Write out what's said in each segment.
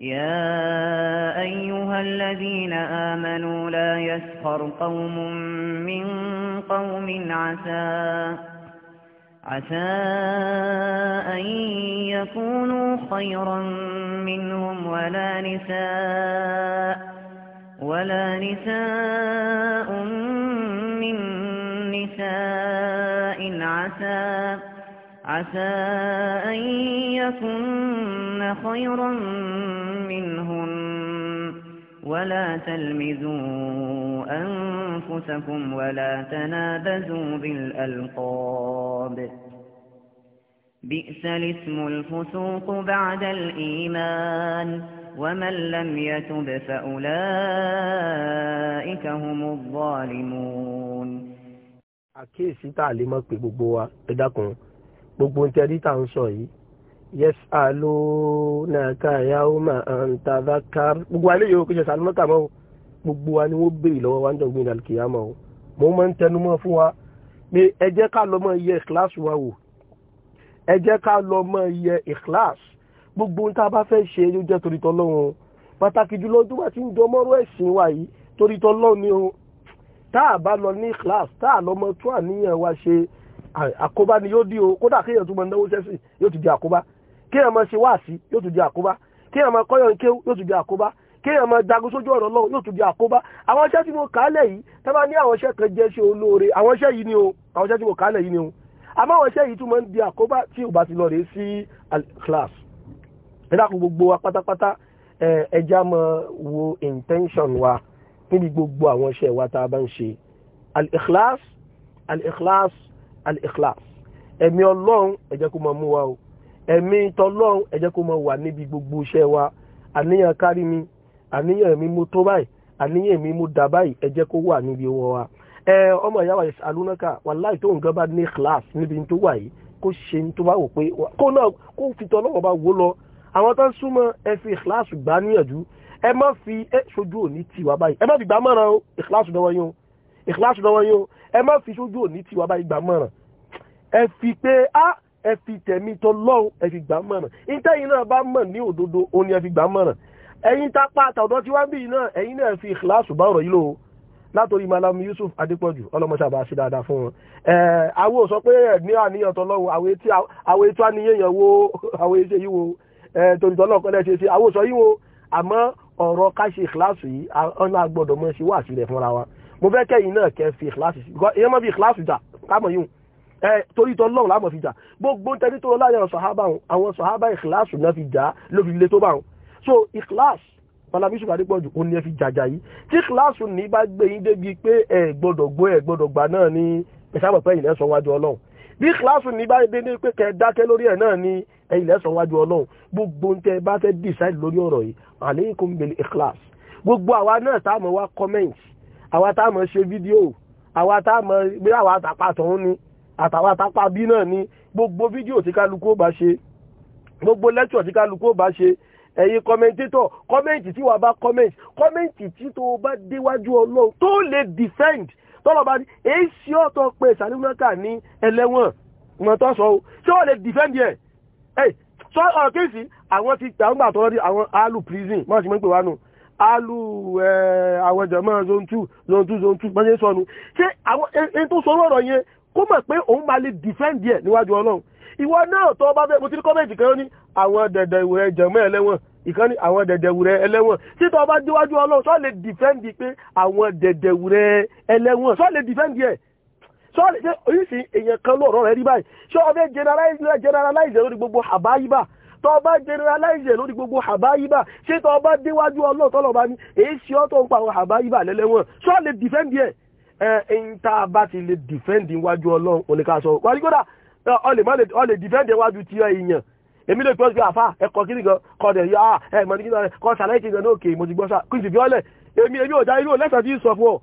يا أيها الذين آمنوا لا يسخر قوم من قوم عسى عسى أن يكونوا خيرا منهم ولا نساء ولا نساء من نساء عسى عسى أن يكن خيرا منهن ولا تلمزوا أنفسكم ولا تنابزوا بالألقاب بئس الاسم الفسوق بعد الإيمان ومن لم يتب فأولئك هم الظالمون أكيد ستعلمك ببوبوة إذا كنت gbogbo ń tẹ́rí tà ń sọ yìí yẹ́sì àlò náà káyà ó máa ń tàbá kár gbogbo alẹ́ yòókù yẹ́sì àlò mọ́tàmọ́ gbogbo wa ni wọ́n béèrè lọ́wọ́ wa ń dọ̀gbìn ìdàlùkìyàmọ́ o mo máa ń tẹnumọ́ fún wa pé ẹ ká lọ mọ iye ìkíláàsì wa wò ẹ ká lọ mọ iye ìkíláàsì gbogbo ohun tá a bá fẹ́ ṣe ló jẹ́ torí tọ́lọ́run pàtàkì jùlọ tó bá ti ń dọmọ́rọ́ ẹ̀sìn wa yìí torí tọ́lọ́run ni o tá a bá lọ ní ìkíláàsì tá a lọ mọ tún àníyàn wa ṣe àkóbá ni yóò dí o kódà kéèyàn tún mọ náwó sẹ́sìn yóò ti di àkóbá kéèyàn máa ṣe wáàsí yóò ti di àkóbá kéèyàn máa kọ́yọ̀ nkéw yóò ti di àkóbá kéèyàn máa jagun sójú ọ̀rọ̀ lọ́wọ́ yóò ti di àkóbá àwọn iṣẹ́ tí mo kálẹ̀ yìí tá ní àwọn iṣẹ́ kan jẹ́ ṣe olóore àwọn iṣẹ́ yìí ni o àwọn iṣẹ́ tí mo kálẹ̀ yìí ni o àmọ́ àwọn iṣẹ́ yìí tún máa ń di àkóbá tí ò bá ti lọ rèé sí class ẹ dákun gbogbo wa pátápátá ẹ já máa wo intention wa níbi gbogbo àwọn iṣẹ́ wa tá a bá ń ṣe al-ikhlas al-ikhlas al-ikhlas ẹ̀mí ọlọ́run ẹ jẹ́ kó máa mú wa o ẹ̀mí tọlọ́run ẹ jẹ́ kó máa wà níbi gbogbo iṣẹ́ wa àníyàn kárí mi àníyàn mi mo tó báyìí àníyàn mi mo dà báyìí ẹ jẹ́ kó wà níbi wọn wa ẹ ọmọ ìyá wa alúnáka wàláì tó nǹkan bá ní ikhlas níbi tó wà yìí kó ṣe tó bá wò pé kó náà kó fi tọlọ́wọ́ bá wó lọ àwọn tó ń súnmọ́ ẹ fi ikhlas gbá ẹ má fi ẹ sojú òní tì wá báyìí ẹ má fi gbá o ikhlas dọwọ́ yín o ikhlas dọwọ́ yín o ẹ má fi sójú òní tiwa bá ìgbà mọ̀ràn ẹ fi pé á ẹ fi tẹ̀mí tọ́ lọ́hùn ẹ fi gbà mọ̀ràn ìtẹ́yìn náà bá mọ̀ ní òdodo ó ní ẹ fi gbà mọ̀ràn ẹ̀yin tá pàtà ọ̀dọ́ tí wá ń bì náà ẹ̀yin náà fi ìkìláàsù bá ọ̀rọ̀ yìí lò ó látòrí malam Yusuf Adépọ̀jù ọlọ́mọṣà bá ṣe dáadáa fún wọn àwọn sọ pé ní àníyàn tọ́lọ́wọ́ àwọn ètò àníyàn wo àwọn ètò yìí wo torí tọ́lọ́kọ́lẹ́ ṣe ṣe àwọn sọ yìí wo àmọ́ ọ̀rọ̀ ká ṣe ìkìláàsù yìí ọ̀nà àgbọ̀dọ̀ mọ́ ṣe wà sílẹ̀ fúnra wa mo fẹ́ kẹ́yìn náà kẹ́ fi ìkíláàsì sí ìyẹn mọ́ bí ìkíláàsì jà kámọ̀ yìí ẹ torí tọ́ lọ́run láàmọ̀ fi jà gbogbo tẹ́lí tó láyé àwọn sàhábà àwọn sàhábà ìkíláàsì náà fi jà ló fi le tó bá wọn so ìkíláàsì malabisu adépọ̀jù ó ní ẹ fi jàjà yìí tí ìkíláàsì ní bá gbé yín débi pé ẹ gbọ́dọ̀ gbọ́ ẹ gbọ́dọ̀ gbà náà ní ìsábọ̀pẹ́ ìlẹ̀ sọ wájú ọlọ́run bí ìkíláàsì ní bá dé ní pé kẹ dákẹ́ lórí ẹ̀ wa comment àwa a mọ̀ ṣe fídíò àwa a mọ̀ bí àwa àtàpà tọ̀hún ni àtàwa àtàpà bí náà ni gbogbo fídíò tí kálukú ó bá ṣe gbogbo lẹ́kṣọ̀ tí kálukú ó bá ṣe ẹ̀yin kọ́mẹ́ntétọ̀ kọ́mẹ́ǹtì tí wàá bá kọ́mẹ́ǹtì kọ́mẹ́ǹtì tí tó bá déwájú ọlọ́run tó lè defend tọ́lọ̀ bá ní èyí sí ọ̀tọ̀ pé sàlùmọ́kà ní ẹlẹ́wọ̀n wọn tó sọ o ṣé wọ́n lè defend yẹ prison wọ́n sì alu àwọjọmọ zone two zone two zone two bọ́sẹ̀ sọnù ṣé àwọn ẹni tó sọ lọ́rọ̀ yẹn kó mọ̀ pé òun máa lè defend yẹ níwájú ọlọ́run ìwọ náà tó bá fẹ́ mo ti rí kọ́mẹ̀ntì kan ní àwọn dẹ̀dẹ̀ ìwúrẹ́ jẹ̀mọ́ ẹlẹ́wọ̀n ìkànnì àwọn dẹ̀dẹ̀wùrẹ́ ẹlẹ́wọ̀n tí tó bá déwájú ọlọ́run sọ lè dìfẹ́ǹdì pé àwọn dẹ̀dẹ̀wùrẹ́ ẹlẹ́wọ̀n sọ lè dìfẹ́ǹdì ẹ̀ sọ lè ṣe oríṣi èèyàn kan lọ́rọ̀ rẹ̀ rí báyìí sọ ọ fẹ́ generalize lórí gbogbo àbáyíbá tó bá generalize lórí gbogbo àbáyíbà ṣé tó bá déwájú ọlọ́ọ̀tọ́lọ́ba ní èyí sí ọ́ tó ń pa àwọn àbáyíbà lẹ́lẹ́wọ̀n ṣọ́ lè defend yẹ ẹ̀yìn tá a bá ti lè defend iwájú ọlọ́run oníkàṣọ́ wà ní kódà ọ lè defend iwájú tí èèyàn èmi lè pọ́sí àfá ẹ̀kọ́ kí nìkan kọ́dẹ̀ yá ẹ̀mọ̀ ní kíkan kọ́ sàlẹ̀ kí nìkan lókè mo ti gbọ́ sá kí n sì fi ọ́lẹ̀ èmi èmi ò dá irú lẹ́sàn tí ń sọ fún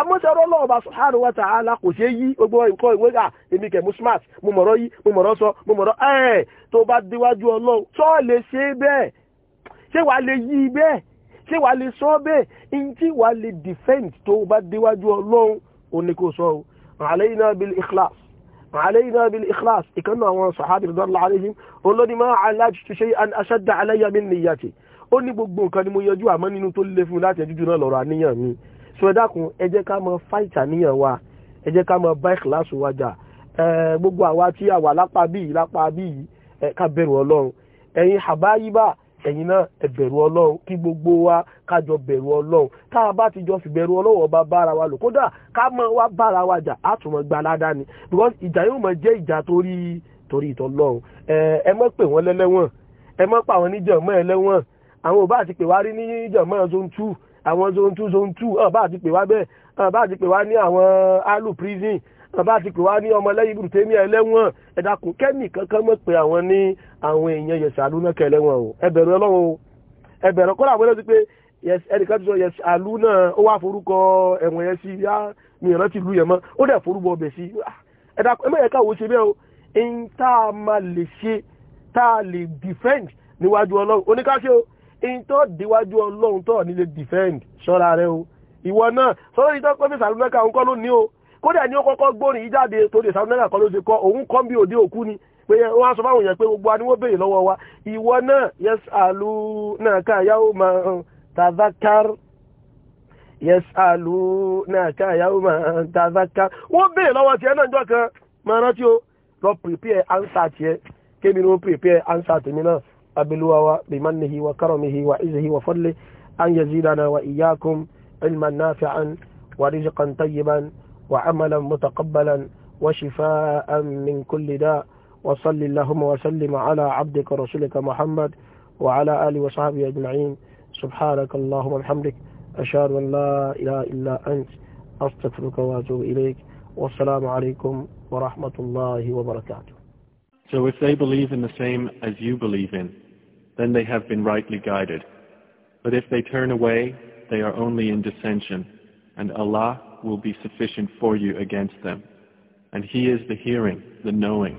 amúṣọrọ ọlọ́ọ̀bá subhanahu wa ta'ala kò ṣe yí gbogbo nǹkan ìwé à èmi kẹ̀ mú smart mo mọ̀rọ̀ yí mo mọ̀rọ̀ sọ mo mọ̀rọ̀ ẹ̀ tó bá déwájú ọlọ́run tó lè ṣe bẹ́ẹ̀ ṣé wàá lè yí bẹ́ẹ̀ ṣé wàá lè sọ bẹ́ẹ̀ ǹjí wàá lè defend tó bá déwájú ọlọ́run ò ní kò sọ o alayna bil ikhlas alayna bil ikhlas ìkànnì àwọn sàhábì radiyallahu alayhim olódì máa alajtu shay'an ashadda alayya min niyyati ó ní gbogbo nǹkan ni mo yọjú àmọ́ nínú so ẹ dákun ẹ jẹ́ ká mọ fáìtà níyàn wa ẹ jẹ́ ká mọ bá ìkìláàsì wa jà ẹ gbogbo àwa tí a wà lápá bíi lápá bíi ẹ ká bẹ̀rù ọlọ́run ẹ̀yin àbáyíbà ẹ̀yin náà ẹ bẹ̀rù ọlọ́run kí gbogbo wa ká jọ bẹ̀rù ọlọ́run tá a bá ti jọ fi bẹ̀rù ọlọ́run ọba bára wa lò kódà ká mọ wá bára wa jà á tún mọ gba aládá ni because ìjà yóò mọ jẹ́ ìjà torí torí ìtọ́lọ́run ẹ ẹ mọ́ pè wọ́n lẹ́lẹ́wọ̀n ẹ mọ́ pa àwọn níjọ̀mọ́ ẹlẹ́wọ̀n àwọn ò àwọn zone two zone two hàn bá àti pè wá bẹ́ẹ̀ hàn bá àti pè wá ní àwọn alu prison hàn bá àti pè wá ní ọmọ lẹ́yìn ibùdó tèmi ẹlẹ́wọ̀n ẹ̀dàkùn kẹ́mì kankan mọ̀ pé àwọn ní àwọn èèyàn yẹ̀sà lúnà kẹlẹ́wọ̀n o ẹbẹ̀rù ọlọ́run o ẹbẹ̀rù kọ́lá àwọn ẹlẹ́sìn pé ẹnìkan ti sọ yẹ̀sà àlú náà ó wá forúkọ ẹ̀wọ̀n yẹn sí yá mi ìrántí ìlú yẹn mọ́ ó dẹ̀ forúbọ ọbẹ̀ sí ẹ̀dàkùn ẹ̀mọ̀ yẹn káwọ́ ṣe bẹ́ẹ̀ o ń tá a máa lè ṣe tá a lè defend níwájú ọlọ́run oníkáṣe o in tó díwájú ọlọ́run tó nílé defend ṣọ́ra rẹ o ìwọ náà sọ́rọ́ ìtọ́ kọ́fí sàlùmẹ́kà òun kọ́ ló ní o kódà ní ó kọ́kọ́ gbórin yìí jáde torí sàlùmẹ́kà kọ́ ló ṣe kọ́ òun kọ́ bí òde òkú ni pé wọ́n á sọ fáwọn èèyàn pé gbogbo aníwó béèrè lọ́wọ́ wa ìwọ náà yes alu náà ká yahoo máa tazakar yes alu náà ká yahoo máa tazakar wọ́n béèrè lọ́wọ́ tiẹ̀ náà jọ kan máa rántí o lọ prepare answer tiẹ̀ kémi ni wọ́n prepare answer tèmi náà أبلوا بمنه وكرمه وعزه وفضله أن يزيدنا وإياكم علما نافعا ورزقا طيبا وعملا متقبلا وشفاء من كل داء وصل اللهم وسلم على عبدك ورسولك محمد وعلى آله وصحبه أجمعين سبحانك اللهم وبحمدك أشهد أن لا إله إلا أنت أستغفرك وأتوب إليك والسلام عليكم ورحمة الله وبركاته So if they believe in the same as you believe in, then they have been rightly guided. But if they turn away, they are only in dissension, and Allah will be sufficient for you against them. And He is the hearing, the knowing.